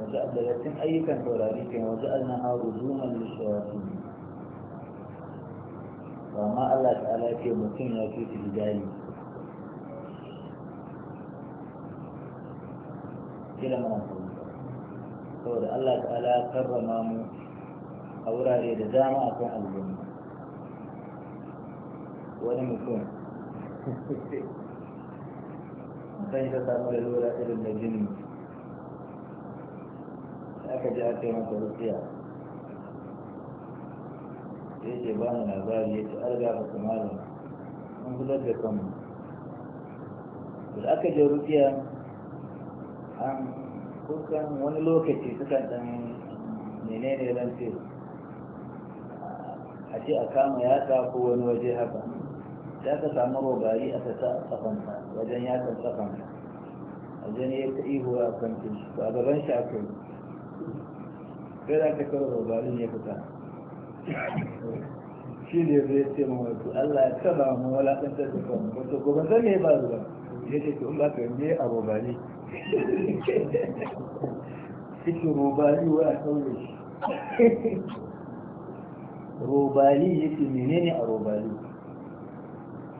B: wasu abdalatin ayyukan taurari kai wasu alnaha rujuman lishawatin ba ma Allah ta'ala ya ce mutum ya fi su jari kila mana saboda Allah ta'ala ya karrama mu a wurare da dama a kan aljanna wani mutum sai ta samu da lura irin da jini aka ji aka yi masa rufiya sai ce ba na labari ya ce an ga ka malam an zubar da kanmu da aka je rukiya an kusan wani lokaci sukan dan menene ran ce a ce a kama yatsa ko wani waje haka da ka samu rogari a sa a wajen wajen yatsa tsafanta wajen ya ta ihu a kantin shi a gaban shi a kai sai da aka kawo rogarin ya fita shi ne zai ce mu wato Allah ya taba mu walakantar da kan wato gobe zan ne ba zuwa ya ce in ba ka yi a robani cikin robani wa a kaure shi robali yake menene a robali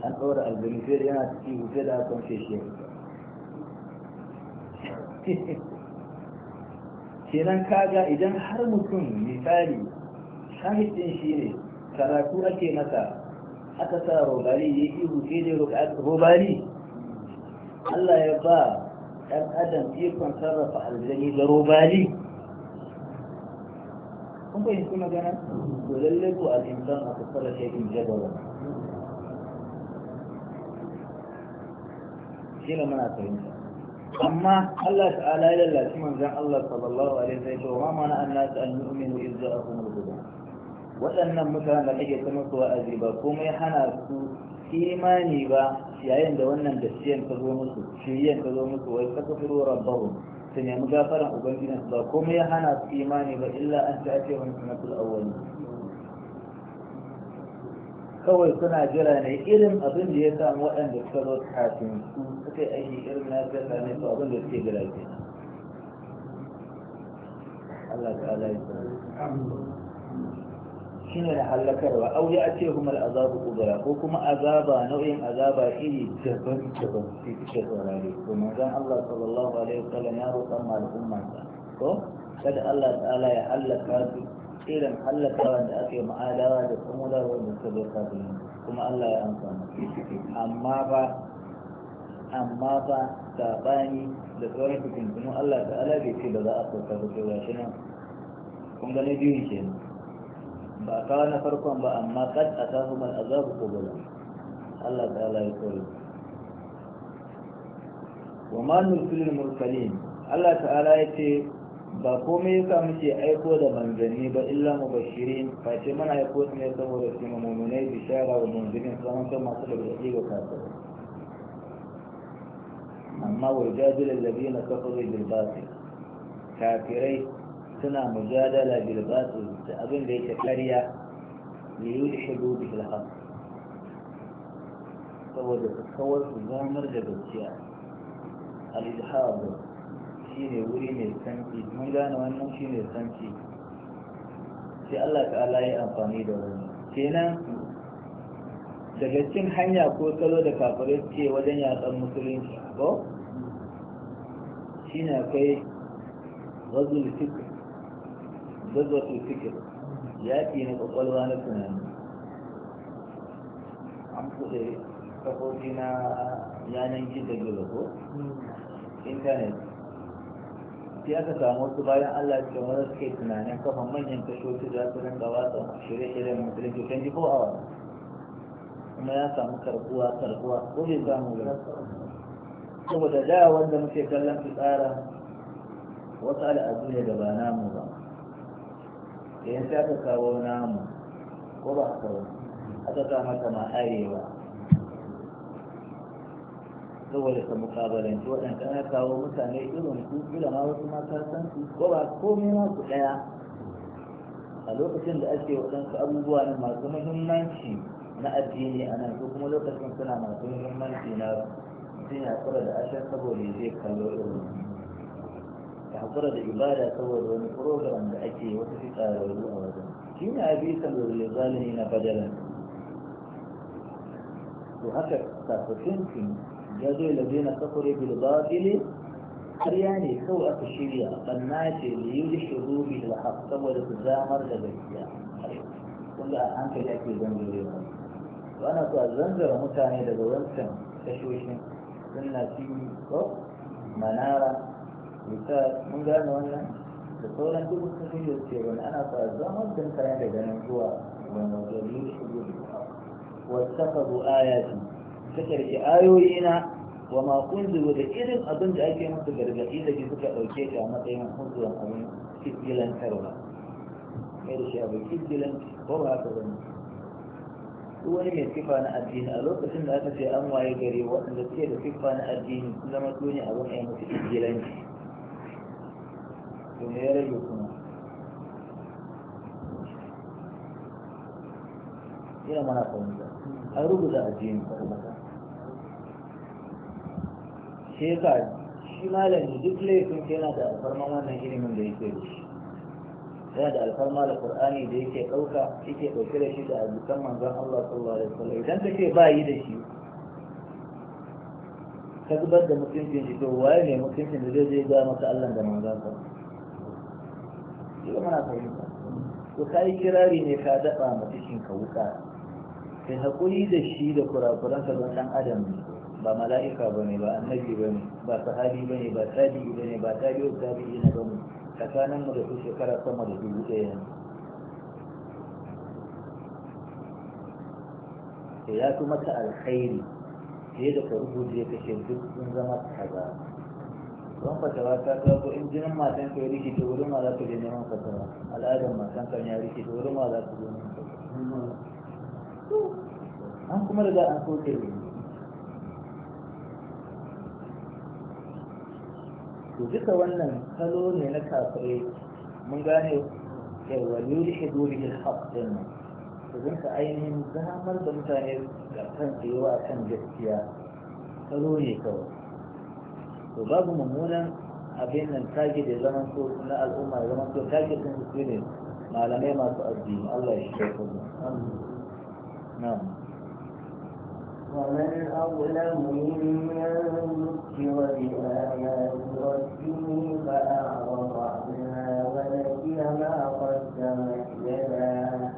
B: an ɗaura albani sai yana ciki wuce da kan feshe kenan kaga idan har mutum misali shahid din shine karatu ake masa aka sa robari ya yi ihu sai dai robari Allah ya ba ɗan adam ikon sarrafa aljani da robari kun fahimci magana to lallai ko al'insan a kusurra shaidin jadawar shi ne muna fahimta amma Allah ta'ala ya lallaci manzan Allah sallallahu alaihi wa sallam wa mana an nasu an yu'minu idza ahumul gudan waɗannan mutanen da ake ta musu wa'azi ba komai hana su imani ba yayin da wannan da gaskiyan ta zo musu shiyan ta zo musu wai ta kafiro rabbahu su nemi gafaran su ba komai ya hana su imani ba illa an ta ake wani sunatul awwali kawai suna jira ne irin abin da ya samu waɗanda suka zo kafin su suka yi aiki irin na ta sami su abin da suke jira ke Allah ta'ala ya shine na halakarwa au ya ce kuma azabu kubra ko kuma azaba nau'in azaba iri daban daban sai suke saurare to manzon Allah sallallahu alaihi wasallam ya roƙa ma al'umma ko kada Allah ta'ala ya halaka su irin halakawa da ake ma'adawa da kuma da suka zo kafin kuma Allah ya amfana amma ba amma ba sabani da tsoron fitintunu Allah ta'ala bai ce ba za a sauka ba to gashi nan kun ga na biyu kenan ba kawo na farkon ba amma kad a tafi mal azabu kubula Allah Ta ta'ala ya kore wa ma nursilul mursalin Allah ta'ala ya ce ba komai yasa muke aiko da manzanni ba illa mubashirin face mana aiko su ne saboda su mamunai bishara wa manzanni zaman kan masu gargaɗi ga kafirai amma wa jadil alladhina kafaru bil batil kafirai suna mujadala bil batil da abin da yake ƙarya da yulhidu da al saboda su kawar su zamar da gaskiya al shine wuri mai santi mun gane wannan shine santi sai Allah ta'ala ya amfani da wani kenan daga cin hanya ko salo da kafirai ce wajen yatsar musulunci ko shine kai ghazul fikr gazwatul fikir yaƙi na kwakwalwa na tunani an kuɗe kafofi na yanayin gida gizo ko intanet Ya aka samu wasu bayan allah cikin wani suke tunanin kafa manyan tashoci da su rinka watsa shirye-shiryen musulunci 24 hours kuma ya samu karbuwa karbuwa ko bai samu ba saboda da wanda muke kallon su tsara wasu al'adu ne da ba namu ba da yanzu aka kawo namu ko ba a kawo aka kawo mata ma arewa saboda ka mukabalanci waɗanda ana kawo mutane irin su kila ma wasu ma san su ko ba komai ma su ɗaya a lokacin da ake waɗansu abubuwa na masu muhimmanci na addini a nan ko kuma lokacin suna masu muhimmanci na mutum ya da ashar saboda ya je kallo irin ka haƙura da ibada saboda wani program da ake wata fitsararru a wajen shi ne a bisa lura zalini na fadalan to haka kafafinkin ya zo lalle na kafure bilbabili ƙarya ne kawai aka shirya ɓanna ce da yi da shiru bil haƙ saboda su zamar da gaskiya kun ga a hankali ake zangarewa to ana so a zangara mutane daga wancan tashoshin sunna tv ko manara misal mun gane wannan da sauran duk wasu video ce wani ana sa zama don kayan da ganin zuwa wani gari da shigo wata faru ayati ta karshe ayoyi na wa ma kunzuru da irin abin da ake musu gargaɗi da ke suka ɗauke ta matsayin kunzuran abin kibbilantarwa mai da shi abin kibbilanci ko ba haka zama duk wani mai sifa na addini a lokacin da aka ce an waye gare waɗanda suke da sifa na addini su zama duniya abin a yi musu kibbilanci to ya rage kuma ina mana fahimta an rubuta addini shi ka shi malami duk laifin ke yana da alfarma wannan ilimin da yake da shi yana da alfarma da qur'ani da yake ɗauka yake ɗauke da shi da abukan manzon Allah sallallahu alaihi wasallam idan kace ba yi da shi ka zubar da mutuncin shi to waye ne mutuncin da zai je ga maka Allah da manzon sa kila muna fahimta to ka yi kirari ne ka daɗa ma cikin ka wuka kai haƙuri da shi da kurakuransa don ɗan adam ne ba mala'ika ba ne ba annabi ba ne ba sahabi ba ne ba tabi'i ba ne ba tabi'u tabi'i na ba mu tsakanin mu da su shekara sama da dubu ɗaya ne ya fi mata alkhairi fiye da ka rubuce kashe duk sun zama kaza don fatawa ta kawo in jinin matan ka ya rikice wurin ma za ka je neman fatawa al'adar matan ka ya rikice wurin ma za ka je neman fatawa an kuma riga an soke ne to duka wannan kalo ne na kafirai mun gane yawa yuri hidu bihi alhaq din nan to dinka ainihin zamar da mutane ga kan tsayewa kan gaskiya kalo ne kawai وبابو هنا أبين الكاجد إذا نقول لا الأمة إذا نقول كاجد من مسلمين ما لم يما تؤدين الله يشكركم
A: نعم ومن أظلم ممن ذكر بآيات ربه فأعرض عنها ونسي ما قدمت يداه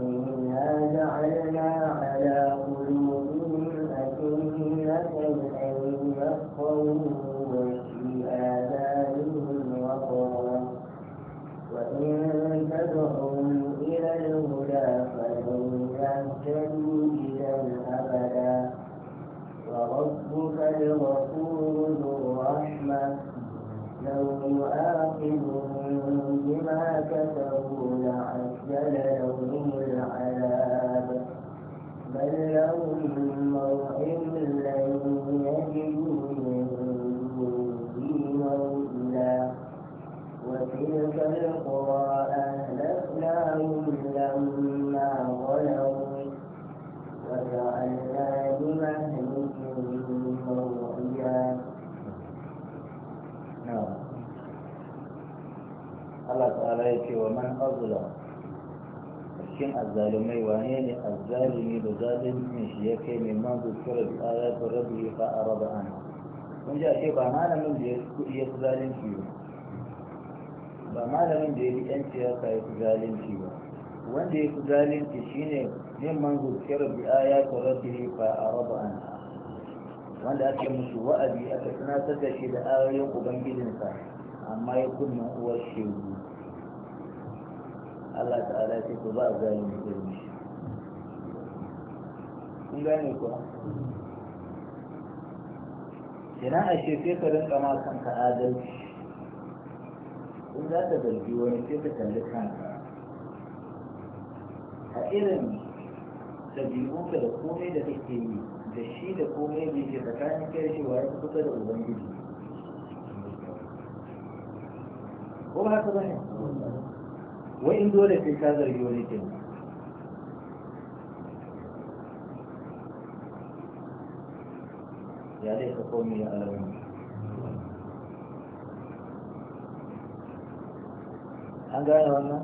A: إنا جعلنا على قلوبهم أكنة أن تسخروا وفي آذانهم وقرا وإن تدعوهم إلى الهدى فلن يهتدوا إذا أبدا وربك الغفور ذو لو يؤاخذهم بما كسبوا لعجل لهم العذاب بل لهم موعد وتلك القرى أهلكناهم لما ظلموا وجعلنا لمهلكهم موعدا
B: Allah ta'ala ya ce wa man azula cikin azzalumai wane ne azzalumi da zalimin shi ya kai mai man zukura da ayatun rabbi fa araba an kun ji ashe ba malamin da ya kudi ya zalunci ba ba malamin da ya fi yan siyasa ya fi zalunci ba wanda ya fi zalunci ne yin man zuciyar bi'a ya tsoron fa a raba an wanda ake musu wa'azi aka tunatar da shi da ayoyin ubangijinsa amma ya kunna uwar shegu Allah ta'ala sai ku ba a zalunci irin shi kun gane kuwa kenan ashe sai ka rinka ma kanka adalci in za ka zargi wani sai ka kalli kanka a irin ɗabi'unka da komai da kake yi da shi da komai da ke tsakanin kai shi wa ya kusa da ubangiji
A: ko ba haka bane
B: wai in dole sai ka zargi wani ke ya dai ka komai ya alamu an gane wannan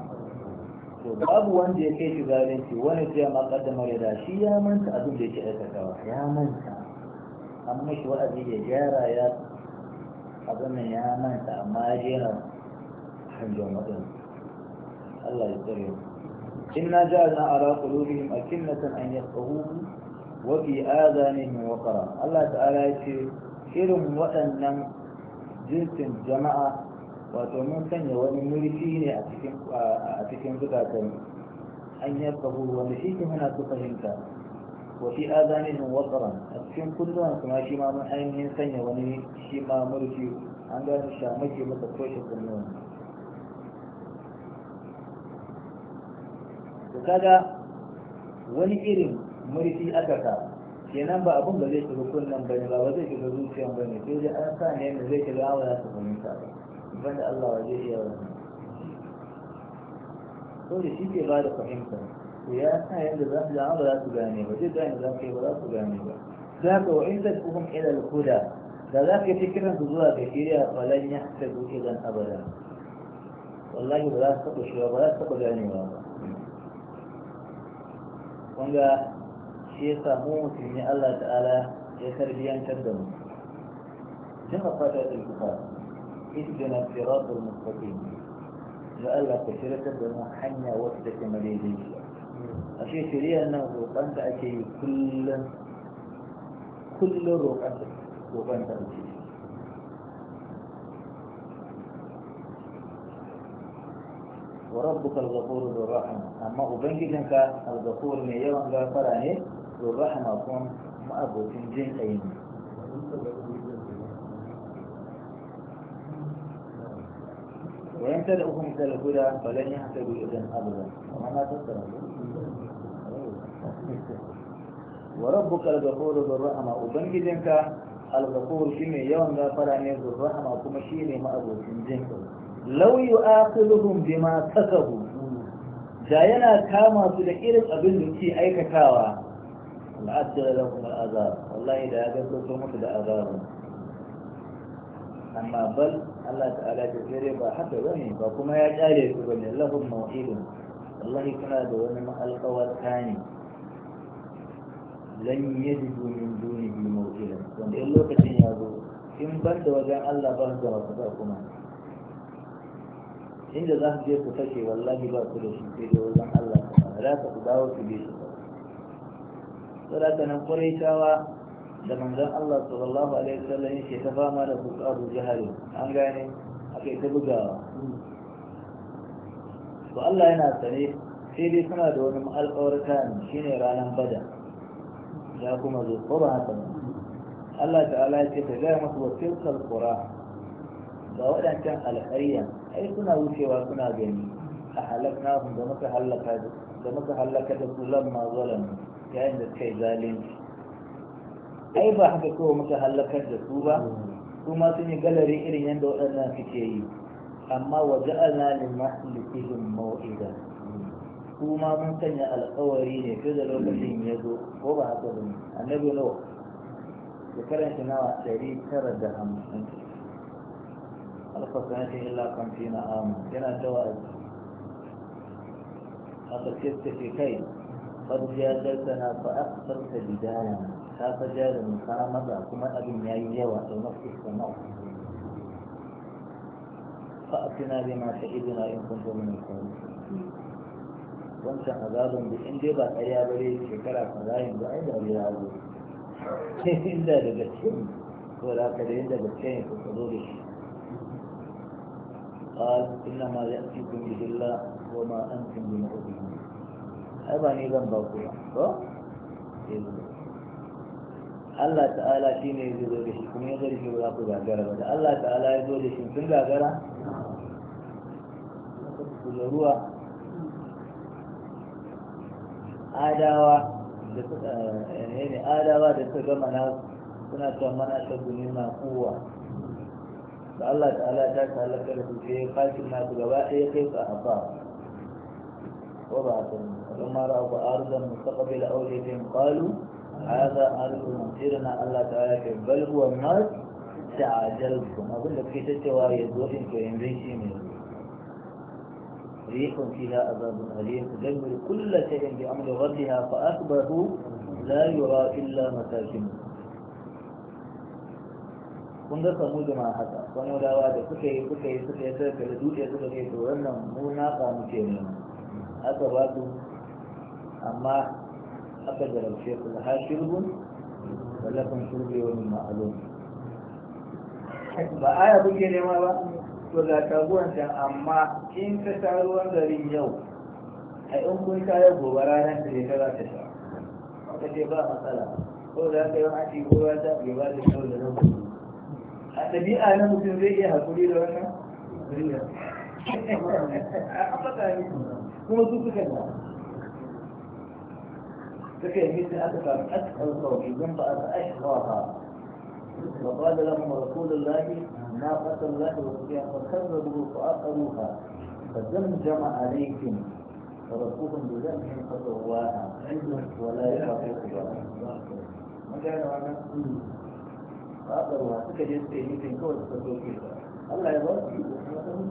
B: to babu wanda ya kai shi zalunci wani ce ma kaddama ya da shi ya manta abin da yake aikatawa ya manta an mishi wa'azi ya gyara ya abin nan ya manta amma ya jera hanjon waɗin Allah ya tsare mu inna ja'alna ala qulubihim akinnatan an yafqahu wa fi adanihim waqara Allah ta'ala ya ce irin waɗannan jinsin jama'a wato mun sanya wani murfi ne a cikin zukatan an kabu wanda shi ke muna su fahimta wa fi azanihim waqran a cikin kunnuwan su ma shi ma mun ainihin sanya wani shi ma murfi an ga shamaki masa toshe kunnuwan to kaga wani irin murfi aka ka kenan ba abun da zai shiga kunnan bane ba ba zai shiga zuciyan bane sai dai an sa ne zai shiga ya su fahimta ba banda Allah wa zai iya wani so da shi ke ba da fahimta to ya sa yadda za su jama'a ba za su gane ba duk gane za ka yi ba za su gane ba za ka wa inda kuma ila al-huda da za ka yi kiran su zuwa ga shirya falan ya ta duke dan abada wallahi ba za su taɓa shiga ba za su taɓa ganewa ba wanda shi ya samu ne Allah ta'ala ya tarbiyyantar da mu jin a fata da kuka اهدنا الصراط المستقيم لألا كشرة بما حنيا وقتك مليدي أشياء شريعة أنه روقانت أشياء كل كل روقانت روقانت أشياء وربك الغفور ذو الرحمة أما أبنجدك الغفور من يوم غفرانه ذو الرحمة أكون ما أبو تنجين أيني وإن تدعوهم إلى الهدى فلن يهتدوا إذا أبدا وما لا تذكر وربك الغفور ذو الرحمة وبنجدك الغفور شنو يوم غفر عن ذو الرحمة وكما شيني ما أبو تنجنك لو يؤاخذهم بما كسبوا da yana kama su da irin abin da ke aikatawa la'ajjala lahum al'azab wallahi da ya gaskata musu da azabun amma bal Allah ta'ala ta sai ba haka ba ne ba kuma ya kyale su bane lahum maw'idun wallahi kana da wani alƙawarta ne lan yajidu duni biyu maw'idan wanda in lokacin ya zo in ban da wajen Allah ba su da ba kuma inda za su je ku kashe wallahi ba su da shi sai da wajen Allah ba za ka ku dawo su bi shi ba. Saboda nan kwarai da manzon Allah sallallahu alaihi wasallam yake ta fama da su ƙaru jihari an gane aka yi ta bugawa to Allah yana sane sai dai suna da wani alƙawarta ne shine ranar bada ya kuma zo ko ba haka Allah ta'ala ya ce ta gaya masu wa tilkal qura ga waɗancan alƙarya ai suna wucewa suna gani a halakna da muka halaka da muka halaka da su lamma zalamu yayin da kai zalunci ai ba haka kawai muka halakar da su ba su ma sun yi galari irin yadda waɗannan suke yi amma wa ja'alna lil mahlikihim maw'ida su ma mun sanya alƙawari ne ko da lokacin ya zo ko ba haka ba annabi nawa shekaran shi nawa ɗari tara da hamsin alfa sanatin illa kwanci na amu yana ta wa'azi haka ce ta kai قد جادلتنا فأخسرت بدايانا ta fa jarin ta matsa kuma abin ya yi yawa da mafi sanau fa'atina bi ma sha'idina in kuntum min al-salihin wancan azabin da in dai ba ƙarya ba dai shekara kaza yanzu ai da ya zo inda da gaske ko da ka da inda gaske ne ko zo da shi قال إنما يأتيكم به الله وما أنتم بمؤمنين أبا نيلا باقولا صح؟ Allah ta'ala shi ne ya zo da shi kuma ya zo da shi ba za ku gagara ba da Allah ta'ala ya zo da shi sun gagara ku da ruwa adawa da suka eh, ne adawa da suka gama na suna son mana ta gumi ma kowa da Allah ta'ala ta ta da su sai fashin na gaba ɗaya kai a hafa ko ba a kan kuma ra'a ba arzan aure awlihim qalu هذا ألف منصيرنا الله تعالى بل هو ما تعجلتم أقول لك في تتوى يدوشن كإنريشي من ريح فيها أباب أليم تدمر كل شيء بأمر ربها فأصبحوا لا يرى إلا مساكنهم kun samu jama'a haka wani dawa da suka yi suka yi suka yi suka kalli dutse suka kai to wannan mu na kamu ke ne aka ba su amma أكد للشيخ لها شرب ولكم شربي ومما ألوم فآية بجي لما تقول لك أبوان كان أما كين تسعرون ذري يو أي أم كنت أيوه وراء ينتري كلا تسعر فكي باء مثلا قول لك يوم عشي قواتا يبال الشرب لنوم حتى بي آنا ممكن ريئيها كلي لنا ريئيها أعطتها لكم كما تقول لك فكان مثل أكثر أثقل في منطقة أشقاها وقال لهم رسول الله ناقة الله وفيها فكذبوا فأقروها فزمزم عليكم فربكم بذنبهم فسواها
A: ولا يحققها ما كان معنا
B: فأقروها فكجت في مثل كل فسوكيها الله يبارك فيكم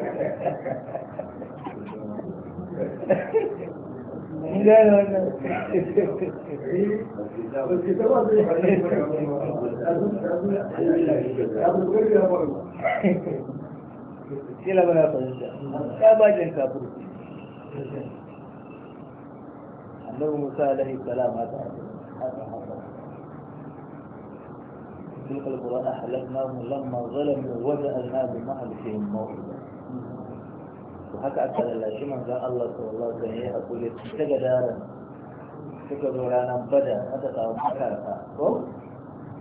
A: لا لا لا طيب. لا لا لا لا لا لا لا لا
B: النبي موسى عليه السلام هذا هذا لا لا القرآن أحلفناهم لما ظلموا وجعلنا بمهلكهم موعدا وحكى أبدا لازم أن قال الله صلى الله عليه وسلم أقول لك سجد سجد ولا نام بدا هذا قام كارفا هو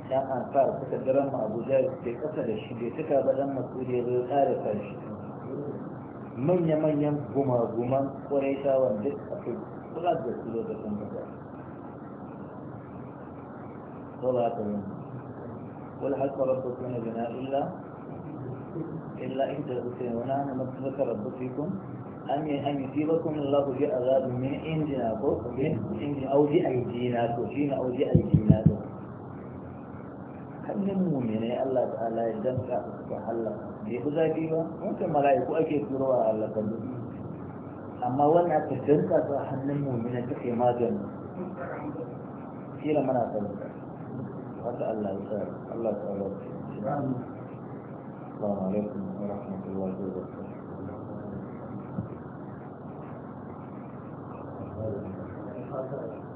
B: شان أن فار سجد رم أبو جاي في أسد الشدي سجد بدن مقول يغير كارفا من يمن يم غما غما وليس وندك أقول ولا جس لو تكن بدا صلاة والحق ربكم لنا إلا إلا إحدى الحسنيين أنا ذكر ربكم أن أن يصيبكم الله بعذاب من عندنا أو بأيدينا كوشين أو بأيدينا hannun mumine Allah ta'ala ya danka su suka halaka bai fi zafi ba wancan mala'iku ake turowa a halakalu amma wannan aka danka su a hannun mumine suka yi magani kila mana sani
A: haka Allah ya sa Allah ta'ala ya sa Assalamu alaikum ورحمة الله وبركاته Thank you.